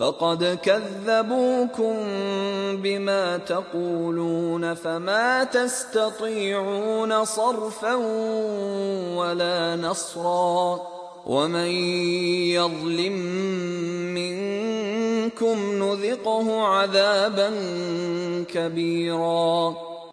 فقد كذبوكم بما تقولون فما تستطيعون صرفا ولا نصرا ومن يظلم منكم نذقه عذابا كبيرا